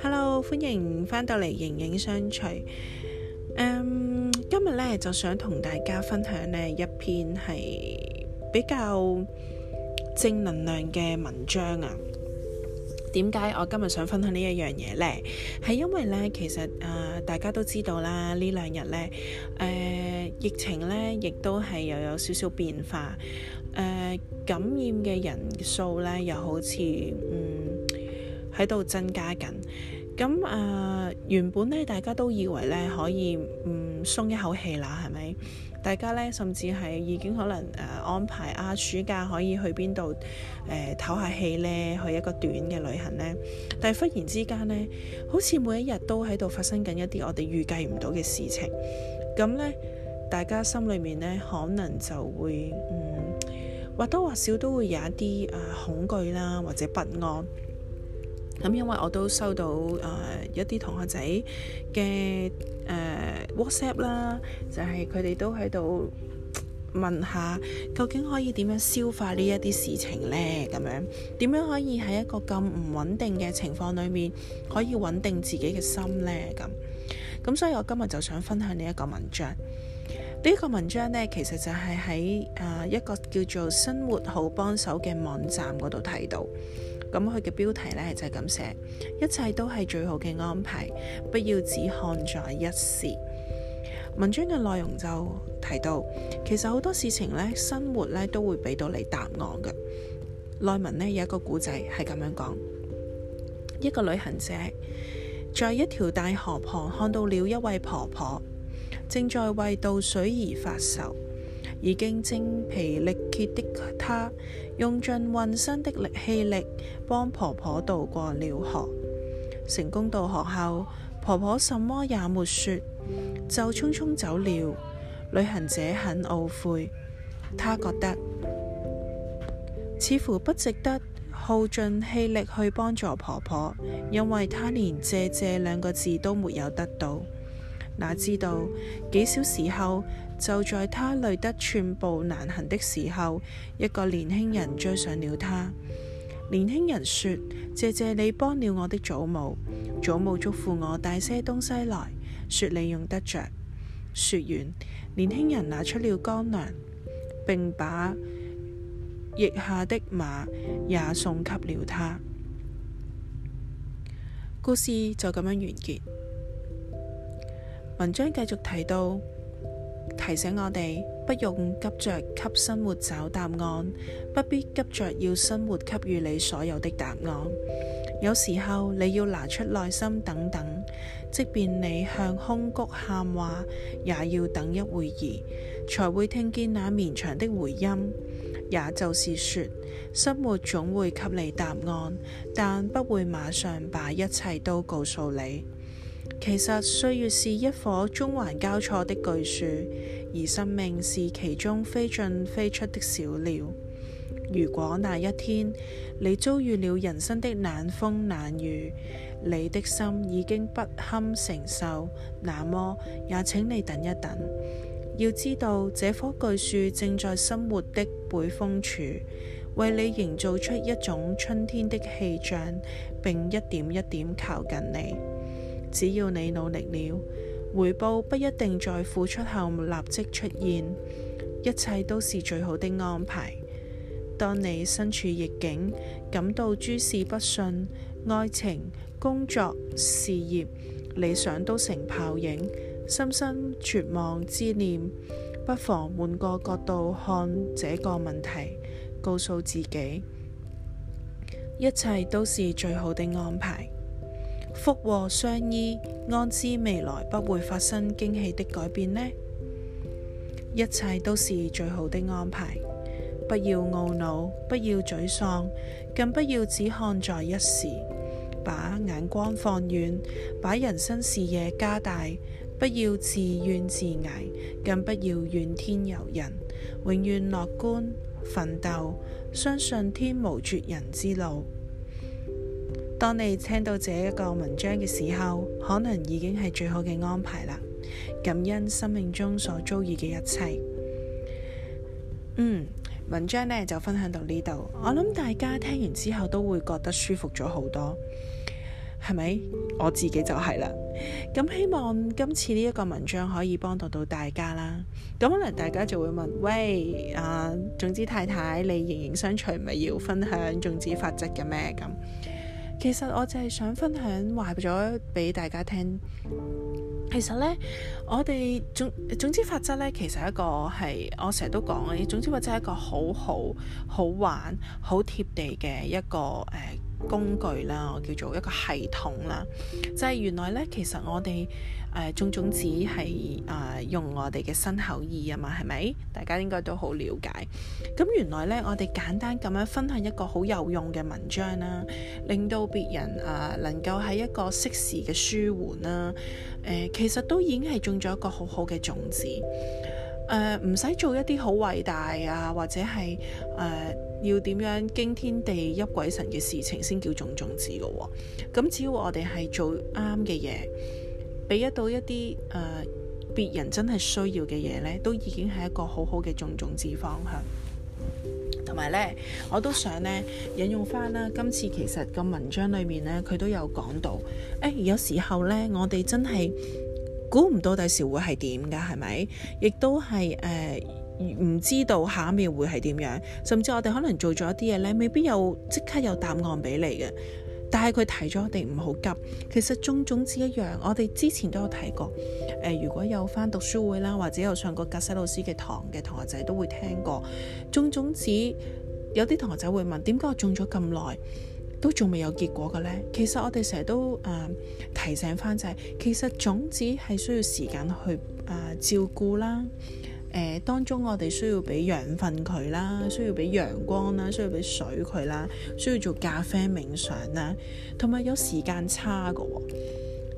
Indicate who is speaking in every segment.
Speaker 1: Hello，歡迎返到嚟形影相隨。Um, 今日呢，就想同大家分享呢一篇係比較正能量嘅文章啊。點解我今日想分享呢一樣嘢呢？係因為呢，其實、uh, 大家都知道啦，呢兩日呢，誒、呃、疫情呢亦都係又有少少變化，誒、呃、感染嘅人數呢又好似嗯喺度增加緊。咁、嗯、誒、呃、原本呢，大家都以為呢可以嗯鬆、嗯、一口氣啦，係咪？大家呢，甚至係已經可能誒、呃、安排啊暑假可以去邊度誒唞下氣呢，去一個短嘅旅行呢。但係忽然之間呢，好似每一日都喺度發生緊一啲我哋預計唔到嘅事情。咁呢大家心裏面呢，可能就會嗯或多或少都會有一啲誒、呃、恐懼啦，或者不安。咁、嗯、因為我都收到誒、呃、一啲同學仔嘅。WhatsApp 啦，就係佢哋都喺度問下，究竟可以點樣消化呢一啲事情呢？咁樣點樣可以喺一個咁唔穩定嘅情況裏面，可以穩定自己嘅心呢？咁咁，所以我今日就想分享呢一個文章。呢、呢個文章呢，其實就係喺、呃、一個叫做生活好幫手嘅網站嗰度睇到。咁佢嘅標題呢，就係咁寫：一切都係最好嘅安排，不要只看在一時。文章嘅內容就提到，其實好多事情呢，生活呢都會俾到你答案嘅。內文呢，有一個故仔係咁樣講：一個旅行者在一條大河旁看到了一位婆婆，正在為渡水而發愁。已經精疲力竭的她，用盡渾身的力氣力，幫婆婆渡過了河，成功渡河後，婆婆什麼也沒說，就匆匆走了。旅行者很懊悔，他覺得似乎不值得耗盡氣力去幫助婆婆，因為她連謝謝兩個字都沒有得到。哪知道幾小時後，就在她累得寸步難行的時候，一個年輕人追上了她。年輕人說，謝謝你幫了我的祖母。祖母囑咐我帶些東西來，說你用得着。說完，年輕人拿出了乾糧，並把腋下的馬也送給了他。故事就咁樣完結。文章繼續提到。提醒我哋不用急着給生活找答案，不必急着要生活給予你所有的答案。有時候你要拿出耐心等等，即便你向空谷喊話，也要等一會兒才會聽見那綿長的回音。也就是說，生活總會給你答案，但不會馬上把一切都告訴你。其實歲月是一棵縱橫交錯的巨樹，而生命是其中飛進飛出的小鳥。如果那一天你遭遇了人生的冷風冷雨，你的心已經不堪承受，那麼也請你等一等。要知道，這棵巨樹正在生活的背風處，為你營造出一種春天的氣象，並一點一點靠近你。只要你努力了，回報不一定在付出後立即出現，一切都是最好的安排。當你身處逆境，感到諸事不順，愛情、工作、事業、理想都成泡影，心生絕望之念，不妨換個角度看這個問題，告訴自己，一切都是最好的安排。福禍相依，安知未來不會發生驚喜的改變呢？一切都是最好的安排。不要懊惱，不要沮喪，更不要只看在一時。把眼光放遠，把人生視野加大。不要自怨自艾，更不要怨天尤人。永遠樂觀奮鬥，相信天無絕人之路。當你聽到這一個文章嘅時候，可能已經係最好嘅安排啦。感恩生命中所遭遇嘅一切。嗯，文章呢就分享到呢度。我諗大家聽完之後都會覺得舒服咗好多，係咪？我自己就係啦。咁、嗯、希望今次呢一個文章可以幫到到大家啦。咁、嗯、可能大家就會問：喂，啊，種子太太，你形影相隨，咪要分享種子法則嘅咩咁？其實我就係想分享話咗俾大家聽，其實呢，我哋總總之法則呢，其實一個係我成日都講嘅，總之法則係一個好好好玩、好貼地嘅一個誒、呃工具啦，我叫做一個系統啦，就係、是、原來咧，其實我哋誒、呃、種種子係誒、呃、用我哋嘅身口意啊嘛，係咪？大家應該都好了解。咁原來咧，我哋簡單咁樣分享一個好有用嘅文章啦，令到別人誒、呃、能夠喺一個適時嘅舒緩啦、呃，其實都已經係種咗一個好好嘅種子。誒，唔使、呃、做一啲好偉大啊，或者係誒、呃、要點樣驚天地泣鬼神嘅事情先叫種種子噶、啊，咁只要我哋係做啱嘅嘢，俾一到一啲誒別人真係需要嘅嘢呢，都已經係一個好好嘅種種子方向。同埋呢，我都想呢引用翻啦，今次其實個文章裏面呢，佢都有講到，誒、欸，有時候呢，我哋真係。估唔到第時會係點㗎？係咪？亦都係誒唔知道下一秒會係點樣？甚至我哋可能做咗一啲嘢咧，未必有即刻有答案俾你嘅。但係佢提咗我哋唔好急。其實種種子一樣，我哋之前都有睇過。誒、呃，如果有翻讀書會啦，或者有上過格西老師嘅堂嘅同學仔都會聽過。種種子有啲同學仔會問：點解我種咗咁耐？都仲未有結果嘅咧，其實我哋成日都誒、呃、提醒翻就係、是，其實種子係需要時間去誒照顧啦，誒、呃、當中我哋需要俾養分佢啦，需要俾陽光啦，需要俾水佢啦，需要做咖啡冥想啦，同埋有時間差嘅、哦，誒、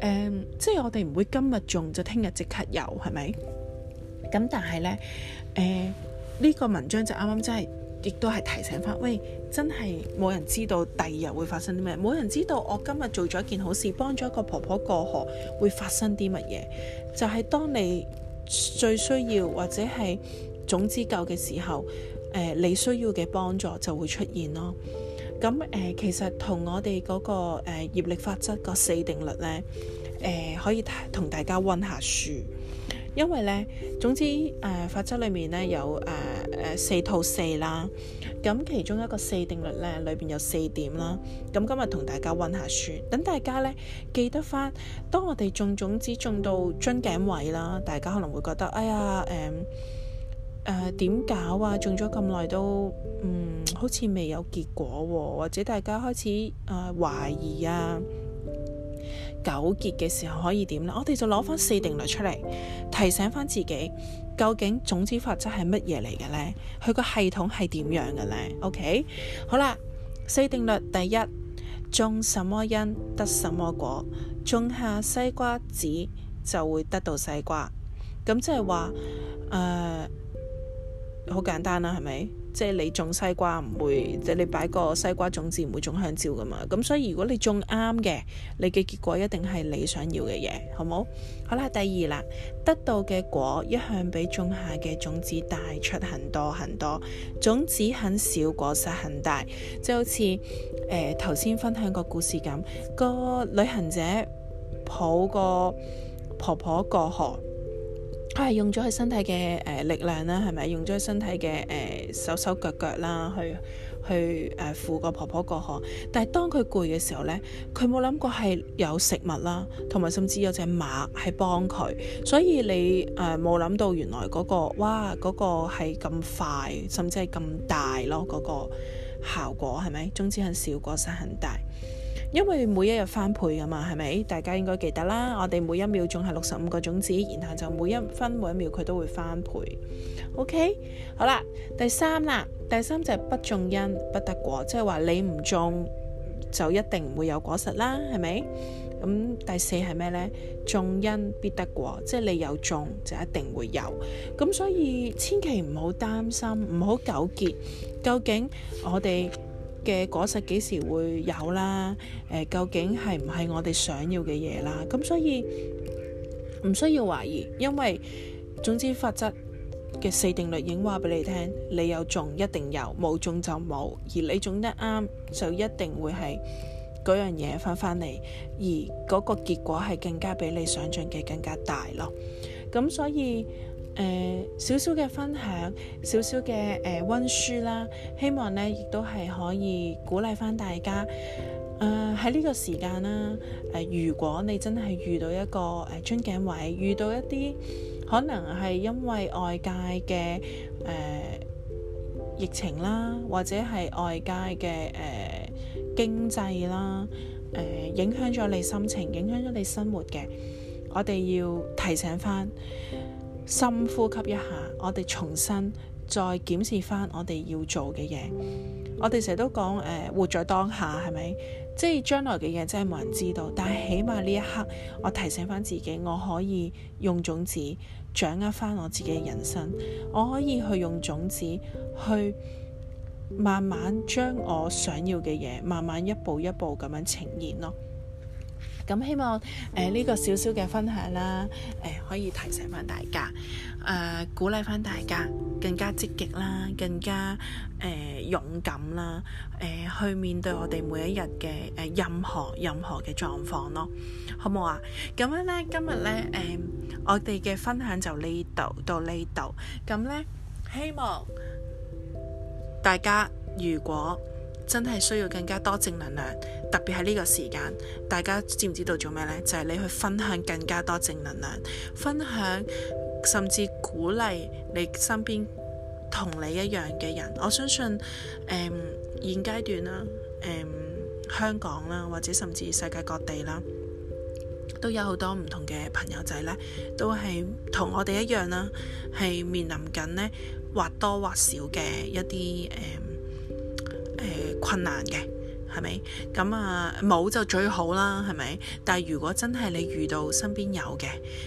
Speaker 1: 呃、即係我哋唔會今日種就聽日即刻有係咪？咁但係咧，誒、呃、呢、這個文章就啱啱真係。亦都係提醒翻，喂，真係冇人知道第二日會發生啲咩，冇人知道我今日做咗一件好事，幫咗一個婆婆過河，會發生啲乜嘢？就係、是、當你最需要或者係總之夠嘅時候、呃，你需要嘅幫助就會出現咯。咁誒、呃，其實同我哋嗰、那個誒、呃、業力法則個四定律呢，誒、呃、可以同大家温下書。因為呢，總之誒、呃，法則裏面呢，有誒誒、呃呃、四套四啦。咁其中一個四定律呢，裏邊有四點啦。咁今日同大家温下書，等大家呢，記得翻。當我哋種種子種到樽頸位啦，大家可能會覺得，哎呀，誒誒點搞啊？種咗咁耐都，嗯，好似未有結果喎、啊，或者大家開始誒懷、呃、疑啊。糾結嘅時候可以點呢？我哋就攞翻四定律出嚟提醒翻自己，究竟種子法則係乜嘢嚟嘅呢？佢個系統係點樣嘅呢？OK，好啦，四定律第一，種什麼因得什麼果，種下西瓜籽就會得到西瓜，咁即係話，誒、呃，好簡單啦、啊，係咪？即係你種西瓜唔會，即係你擺個西瓜種子唔會種香蕉噶嘛。咁所以如果你種啱嘅，你嘅結果一定係你想要嘅嘢，好冇？好啦，第二啦，得到嘅果一向比種下嘅種子大出很多很多，種子很小，果實很大。即係好似誒頭先分享個故事咁，個旅行者抱個婆婆過河。佢係用咗佢身體嘅誒、呃、力量啦，係咪用咗佢身體嘅誒、呃、手手腳腳啦，去去誒、呃、扶個婆婆過河。但係當佢攰嘅時候呢，佢冇諗過係有食物啦，同埋甚至有隻馬係幫佢。所以你誒冇諗到原來嗰、那個哇嗰、那個係咁快，甚至係咁大咯嗰、那個效果係咪？總之係小過失很大。因為每一日翻倍噶嘛，係咪？大家應該記得啦。我哋每一秒種係六十五個種子，然後就每一分、每一秒佢都會翻倍。OK，好啦，第三啦，第三就係不種因不得果，即係話你唔種就一定唔會有果實啦，係咪？咁第四係咩呢？種因必得果，即係你有種就一定會有。咁所以千祈唔好擔心，唔好糾結，究竟我哋，嘅果實幾時會有啦？誒，究竟係唔係我哋想要嘅嘢啦？咁所以唔需要懷疑，因為總之法則嘅四定律已經話俾你聽：你有種一定有，冇種就冇；而你種得啱就一定會係嗰樣嘢，翻翻嚟，而嗰個結果係更加比你想象嘅更加大咯。咁所以誒，少少嘅分享，少少嘅誒溫書啦，希望呢亦都係可以鼓勵翻大家。誒喺呢個時間啦，誒、呃、如果你真係遇到一個誒樽頸位，遇到一啲可能係因為外界嘅誒、呃、疫情啦，或者係外界嘅誒、呃、經濟啦，誒、呃、影響咗你心情，影響咗你生活嘅，我哋要提醒翻。深呼吸一下，我哋重新再檢視翻我哋要做嘅嘢。我哋成日都講誒、呃，活在當下係咪？即係將來嘅嘢真係冇人知道，但係起碼呢一刻，我提醒翻自己，我可以用種子掌握翻我自己嘅人生，我可以去用種子去慢慢將我想要嘅嘢，慢慢一步一步咁樣呈現咯。咁希望誒呢、呃呢個少少嘅分享啦，誒、呃、可以提醒翻大家，誒、呃、鼓勵翻大家更加積極啦，更加誒、呃、勇敢啦，誒、呃、去面對我哋每一日嘅誒任何任何嘅狀況咯，好唔好啊？咁樣呢，今日呢，誒、呃、我哋嘅分享就呢度到呢度，咁呢，希望大家如果～真係需要更加多正能量，特別喺呢個時間，大家知唔知道做咩呢？就係、是、你去分享更加多正能量，分享甚至鼓勵你身邊同你一樣嘅人。我相信誒、嗯、現階段啦，誒、嗯、香港啦，或者甚至世界各地啦，都有好多唔同嘅朋友仔呢，都係同我哋一樣啦，係面臨緊呢或多或少嘅一啲誒、嗯困難嘅係咪？咁啊，冇就最好啦，係咪？但係如果真係你遇到身邊有嘅，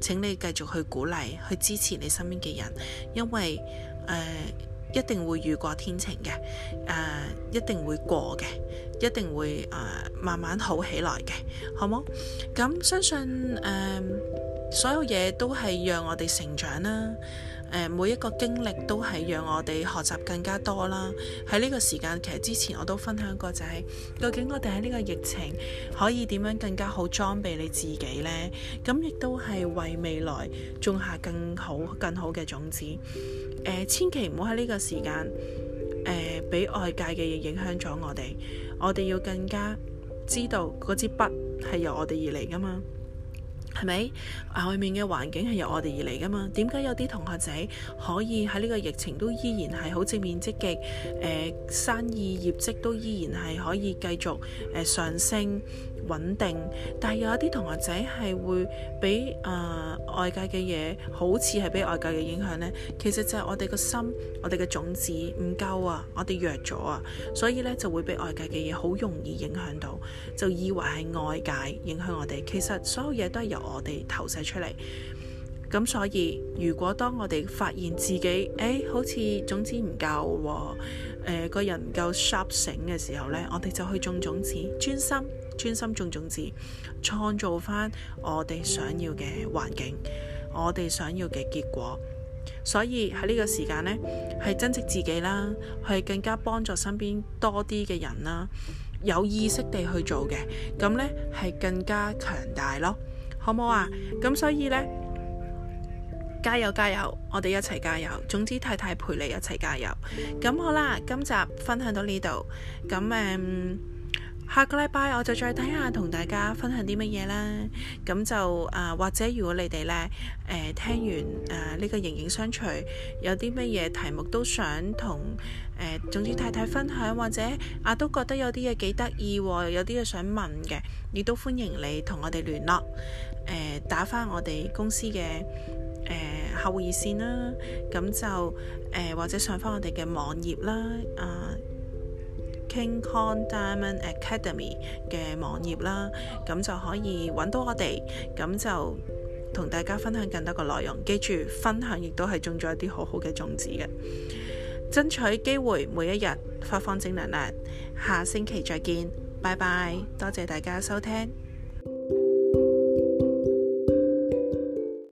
Speaker 1: 請你繼續去鼓勵、去支持你身邊嘅人，因為誒、呃、一定會雨過天晴嘅，誒、呃、一定會過嘅，一定會誒、呃、慢慢好起來嘅，好冇？咁相信誒。呃所有嘢都係讓我哋成長啦，誒，每一個經歷都係讓我哋學習更加多啦。喺呢個時間，其實之前我都分享過、就是，就係究竟我哋喺呢個疫情可以點樣更加好裝備你自己呢？咁亦都係為未來種下更好、更好嘅種子。呃、千祈唔好喺呢個時間，誒、呃，俾外界嘅嘢影響咗我哋。我哋要更加知道嗰支筆係由我哋而嚟噶嘛。係咪？外面嘅環境係由我哋而嚟噶嘛？點解有啲同學仔可以喺呢個疫情都依然係好正面積極？誒、呃、生意業績都依然係可以繼續誒、呃、上升。穩定，但係有一啲同學仔係會俾誒、呃、外界嘅嘢，好似係俾外界嘅影響呢。其實就係我哋個心，我哋嘅種子唔夠啊，我哋弱咗啊，所以呢就會俾外界嘅嘢好容易影響到，就以為係外界影響我哋。其實所有嘢都係由我哋投射出嚟。咁所以如果當我哋發現自己誒、欸、好似種子唔夠，啊，誒、呃、個人唔夠 sharp 醒嘅時候呢，我哋就去種種子，專心。專心種種子創造翻我哋想要嘅環境，我哋想要嘅結果。所以喺呢個時間呢，係珍惜自己啦，係更加幫助身邊多啲嘅人啦，有意識地去做嘅，咁呢係更加強大咯，好唔好啊？咁所以呢，加油加油，我哋一齊加油。總之太太陪你一齊加油。咁好啦，今集分享到呢度。咁嗯。下個禮拜我就再睇下同大家分享啲乜嘢啦，咁就誒、呃、或者如果你哋呢，誒、呃、聽完誒呢、呃這個形影相隨有啲乜嘢題目都想同誒、呃、總裁太太分享，或者啊都覺得有啲嘢幾得意，有啲嘢想問嘅，亦都歡迎你同我哋聯絡，誒、呃、打翻我哋公司嘅誒客戶熱線啦，咁就誒、呃、或者上翻我哋嘅網頁啦，啊、呃。King Kong Diamond Academy 嘅網頁啦，咁就可以揾到我哋，咁就同大家分享更多嘅內容。記住分享，亦都係種咗一啲好好嘅種子嘅，爭取機會，每一日發放正能量。下星期再見，拜拜！多謝大家收聽。